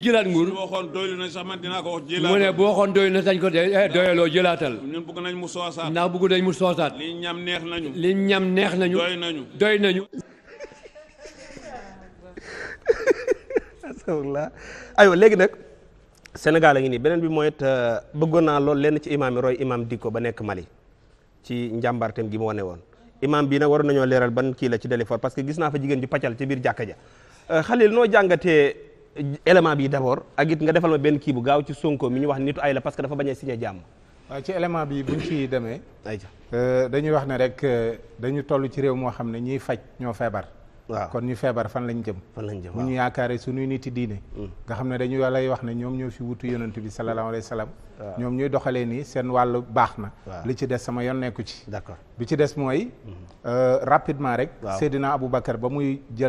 jëlaat nguur waxoon doylu na sax man dinaa ko wax jëlaat mu ne bu waxoon doylu na sañ ko de eh, doyaloo jëlaatal ñun bëgg nañ mu soosaat ndax bëgg nañ mu soosaat li ñam neex nañu li ñam neex nañu doy nañu doy nañu astaghfirullah aywa léegi nag Sénégal a ngi nii beneen bi mooy it euh, bëggoon naa lool lenn ci imaam yi roy imaam Dicko ba nekk Mali ci njàmbaarteem gi mu wane woon imaam bii nag waroon nañoo leeral ban kii la ci Dalifort parce que gis naa fa jigéen ju pàccal ci biir jàkka ja Xalil euh, noo jàngatee élément bi d'abord ak it nga defal ma benn kii bu gaaw ci Sonko mi ñu wax nitu ay la parce dafa bañ a jàmm. waaw ci élément bi buñ ci demee. Euh, dañuy wax ne rek euh, dañu toll ci réew moo xam ne ñiy faj ñoo feebar. waaw kon ñu feebar fan lañ jëm. fan lañ jëm waaw ñu yaakaare suñuy niti diine. Mm. nga xam ne dañu lay wax ne ñoom ñoo fi wutu yonent bi sallallahu alayhi wa sallam. ñoom ñuy doxalee nii seen wàll baax na. li ci des sama yoon nekku ci. d'accord bi ci des mooy. Mm-hmm. Euh, rapidement rek. waaw Seydina Aboubacar ba muy gi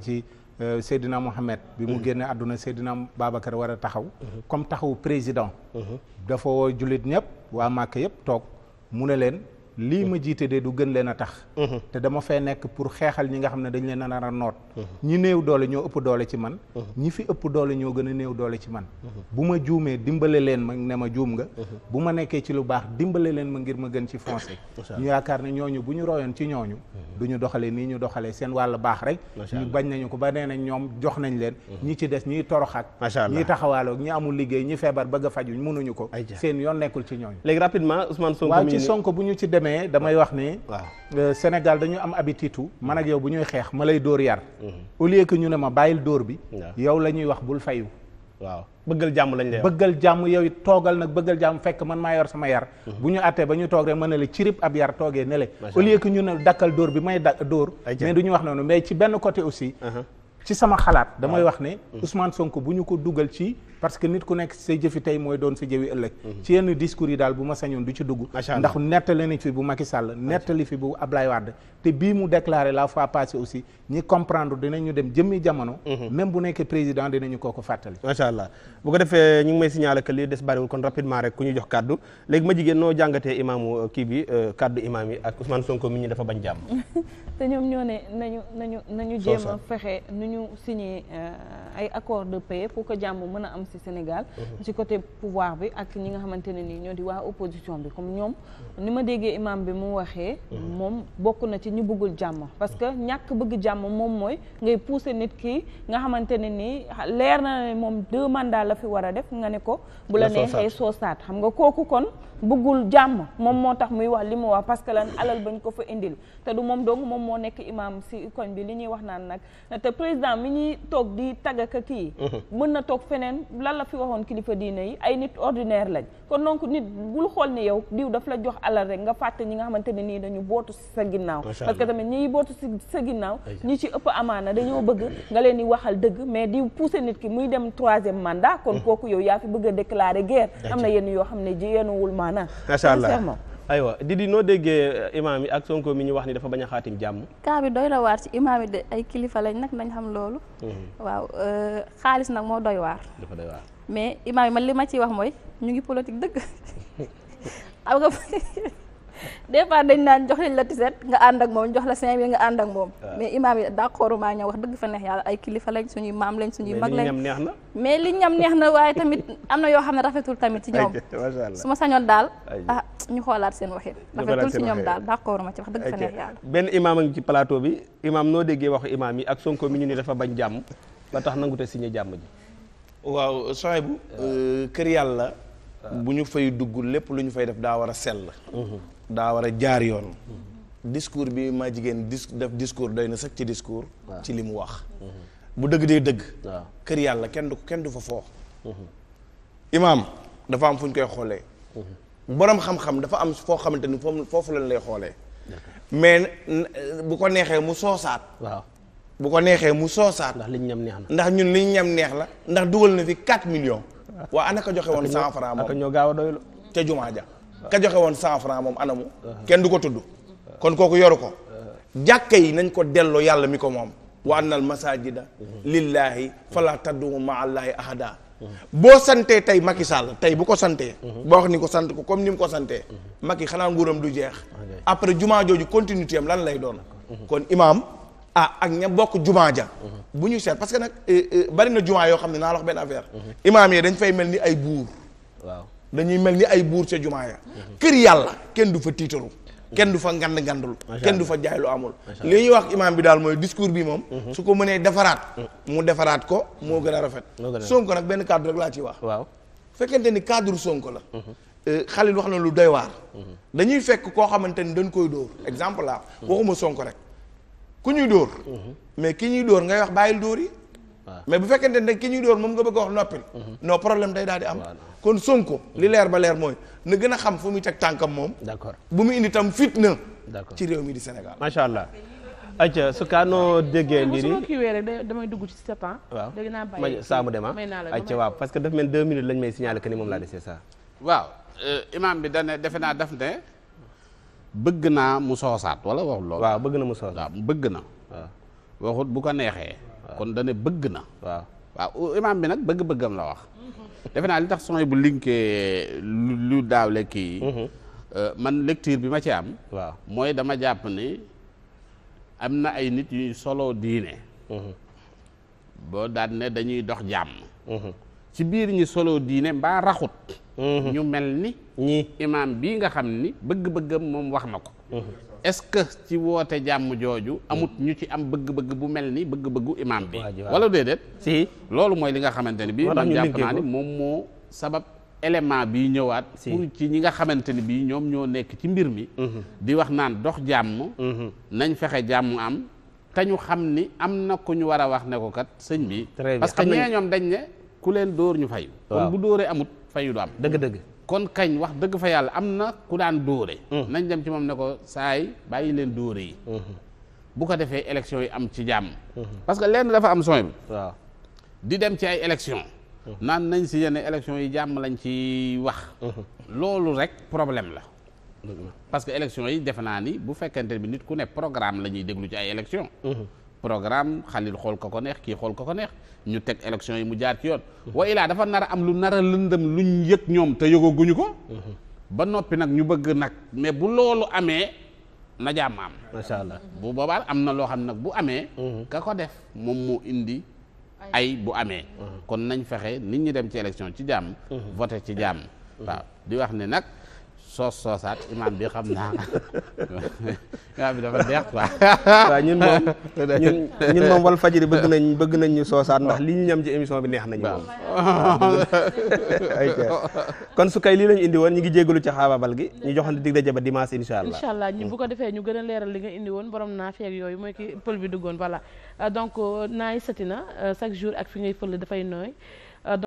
ci. Euh, Seydina Mohamed. bi mu mm. génne àdduna Seydina Babacar war a taxaw. Mm-hmm. comme taxaw président. Mm-hmm. dafa woo jullit ñëpp waa Màkka yëpp toog mu ne leen. lii ma jiite de du gën leen a tax mhm. te dama fee nekk pour xeexal ñi nga xam ne dañ leen a nar a noot mhm. ñi néew doole ñoo ëpp doole ci man mhm. ñi fi ëpp doole ñoo gën a néew doole ci man bu ma juumee dimbale leen ma ne ma juum bu ma nekkee ci lu baax dimbale leen ma ngir ma gën ci foncé ñu yaakaar ne ñooñu bu ñu royoon ci ñooñu du ñu doxale nii ñu doxalee seen wàll baax rek ñu bañ nañu ko ba nee nañ ñoom jox nañ leen ñi ci des ñiy torox ñi taxawaaloog ñi amul liggéey ñi feebar bëgg a fajuñ mënuñu ko seen yoon nekkul ci ñooñu léegi rapidement Ousmane Sonko waaw ci Sonko bu ñu ci demee damay wax ni. waaw euh, Sénégal dañu am habitude man ak yow bu ñuy xeex ma lay dóor yar. Mhm. au lieu que ñu ne ma bàyyil dóor bi. yow la ñuy wax bul fayu. waaw bëggal jàmm lañ lay wax bëggal jàmm yow it toogal nag bëggal jàmm fekk man maa yor sama yar. Mhm. bu ñu àttee ba ñu toog rek ma ne la cirib ab yar toogee ne le. au lieu que ñu ne dakkal dóor bi may da dóor. mais du ñu wax noonu mais ci benn côté aussi. Uh-huh. ci sama xalaat damay wax ne mm. Ousmane Sonko bu ñu ko dugal ci parce que nit ku nekk say jëfi tey mooy doon sa jëwi ëllëg mm-hmm. ci yenn discours yi daal bu ma sañoon du ci dugg ndax nettali fi bu Macky Sall nettali fi bu Ablaye Wade te bii mu déclaré la fois passée aussi ñi comprendre dinañu dem jëmmi jamono mm-hmm. même bu nekkee président dinañu koo ko fàttali macha allah bu ko defee ñu may signaler que li des bariwul kon rapidement rek ku ñu jox kaddu léegi ma jigéen nañu signer euh, ay accord de paix pour ko jàmm mën a am ci Sénégal mhm. ci côté pouvoir bi ak ñi nga xamante ne nii ñoo di waa opposition bi comme ñoom ni ma déggee imam bi mu waxee mhm. moom bokk na ci ñu bëggul jàmm parce que ñàkk bëgg jàmm moom mooy ngay pousser nit ki nga xamante ne nii leer na ne moom deux mandats la fi war a def nga ne ko bu la neexee soosaat xam nga kooku kon bëggul jàmm moom moo tax muy wax li mu wax parce que lan alal bañ ko fa indil te du moom dong moom moo nekk imam si koñ bi li ñuy wax naan nag te président mi ñuy toog di tagaka kii mhm. mën na toog feneen lan la fi waxoon kilifa diine yi ay nit ordinaire lañ kon donc nit bul xool ni yow diw daf la jox alal rek nga fàtte ñi nga xamante ne nii dañu bootu si sa ginnaaw parce que tamit ñi bootu si sa ginnaaw ñi ci ëpp amaana dañoo bëgg nga leen di waxal dëgg mais di pousser nit ki muy dem troisième mandat kon mhm. kooku yow yaa fi bëgg a déclarer am na yenn yoo xam ne ji yenuwul mandat maanaa macha allah aywa di noo déggee euh, imaam yi ak Sonko mi ñu wax ni dafa bañ a xaatim jàmm kaa doy la waar ci imaam yi de ay kilifa lañ nag nañ xam loolu mhm. waaw euh, xaalis nag moo doy waar mais imaam yi ma li ma ciy wax mooy ñu ngi politique dëgg des fois dañ naan jox leen la tiset nga ànd ak moom jox la cinq mille nga ànd ak moom mais imaam yi d'accord maa ñëw wax dëgg fa neex yàlla ay kilifa lañ suñuy maam lañ suñuy mag lañ mais li ñam neex na waaye tamit am na yoo xam ne rafetul tamit ci ñoom su ma sañoon daal ah ñu xoolaat seen waxin rafetul ci ñoom daal d'accord ma ci wax dëgg fa neex yàlla benn imaam a ngi ci plateau bi imaam noo déggee waxu imaam yi ak Sonko mi ñu ni dafa bañ jàmm ba tax nangute signé jàmm ji waaw soxna bu euh, kër yàlla bu ñu fay dugg lépp lu ñu fay def daa war a sell mhm. daa war a jaar yoon discours bi maa jigéen dis def discours doy na sax ci discours ci li mu wax mhm. bu dëgg dee dëgg kër yàlla kenn du ko kenn du fa foox mhm. imaam dafa am fu ñu koy xoolee mhm. boroom xam-xam dafa am foo xamante ni foofu lañ lay xoolee mais bu ko neexee mu soosaat waaw bu ko neexee mu soosaat ndax liñ ñam neex na ndax ñun liñ ñam neex la ndax dugal na fi 4 millions waa anaka joxe woon cent francs moom ñoo gaaw a doylu ca jumaa ja ka joxe woon cent franc moom anamu kenn du ko tudd kon kooku yoru ko jàkka yi nañ ko delloo yàlla mi ko moom wa anna al masajida lillaahi fala taddu maallaahi ahada boo santee tey Macky Sall tey bu ko santee boo wax ni ko sant ko comme ni mu ko santee Macky xanaa nguuram du jeex après jumaa jooju continuité am lan lay doon kon imaam ah ak ña bokk jumaa ja bu ñu seet parce que nag eh, eh, bari na jumaa yoo xam ne naa la wax benn affaire imaam yi dañ fay mel ni ay buur dañuy mel ni ay buur ca jumaa ya kër yàlla kenn du fa tiitaru kenn du fa ngand ngandul kenn du fa jaay lu amul li ñuy bi daal mooy discours bi moom mhm. su ko mënee defaraat mu defaraat ko moo gën a rafet Sonko nag benn cadre rek laa ci wax waaw ni cadre Sonko la mhm. euh, Khalil wax na lu doy waar mhm. dañuy fekk koo xamante ni dañ koy dóor exemple la waxuma Sonko rek ku ñuy dóor mais ki ñuy dóor ngay wax bàyyil dóor mais bu fekkente ne ki ñuy door moom nga bëgg a wax noppil mhm. non problème day daal di am kon Sonko li leer ba leer mooy na gën a xam fu muy teg tànkam moom d'accord bu mu indi tam fitna d'accord ci réew mi di Sénégal macha allah acca su kaanoo déggee mbir yi damay dugg ci setan waaw ma saa mu dem acca ah? waaw parce que daf mel deux minutes lañ may signaler que ni moom laa desee saa waaw euh, imam bi dane defe naa daf ne bëgg naa mu soosaat wala waxul loolu waaw bëgg na mu soosaat waaw bëgg na waxut bu ko neexee kon dane bëgg na waaw imaam bi nag bëgg-bëggam la wax defe naa li tax sony bu linkee lu daawle kii mhm. euh, man lecture bi ma ci am waaw mooy dama jàpp ni am na ay nit yuy solo diine mhm. boo daan ne dañuy dox jàmm mhm. ci biir ñi solo diine mbaa raxut ñu mel ni ñi imaam bii nga xam ni bëgg-bëggam moom wax na ko est-ce que ci woote jàmm jooju amut ñu ci am bëgg-bëgg bu mel ni bëgg-bëggu imaam bi wala déedéet si loolu mooy li nga xamante ni bii man jàpp naa ni moom moo sabab élément bi ñëwaat pour ci ñi nga xamante ni bii ñoom ñoo nekk ci mbir mi mhm. di wax naan dox jàmm mhm. nañ fexe jàmm am te ñu xam ni am na ku ñu war a wax ne ko kat sëñ bi parce que ñee ñoom dañ ne ku leen dóor ñu fayu kon bu dóoree amut fayu du am dëgg kon kañ wax dëgg fa yàlla am na ku daan dóore mm. nañ dem ci moom ne ko saay bàyyi leen dóore yi mm-hmm. bu ko defee élection yi am ci jàmm mm-hmm. parce que lenn dafa am sooy waaw di dem ci ay élection mm-hmm. naan nañ si yenn élection yi jàmm lañ ci wax loolu rek problème la parce que élection yi defe naa ni bu fekkente bi nit ku ne programme la ñuy déglu ci ay élection programme xalil xool ko ko neex kii xool ko ko neex ñu teg élection yi mu jaar ci yoon wa ilaa dafa nar a am lu nar a lëndëm luñ yëg ñoom te yëgaguñu ko ba noppi nag ñu bëgg nag mais bu loolu amee na jàmm am allah bu boobaa am na loo xam nag bu amee ka ko def moom moo indi ay bu amee kon nañ fexe nit ñi dem ci élection ci jàmm voté ci jàmm waaw di wax ne nag soos soosaat imaam bi xam naa imaam bi dafa deex waaw ñun moom ñun ñun moom wal fajiri bëgg nañ bëgg nañ ñu soosaat ndax li ñu ñam ci émission bi neex nañu moom. kon su kay lii lañu indi woon ñu ngi jégalu ci xaababal gi ñu joxante dig daje ba dimanche incha allah. incha allah ñu bu ko defee ñu gën a leeral li nga indi woon borom naa feeg yooyu mooy ki pël bi duggoon voilà euh, donc euh, naay sati na euh, chaque jour ak fi ngay fël dafay nooy.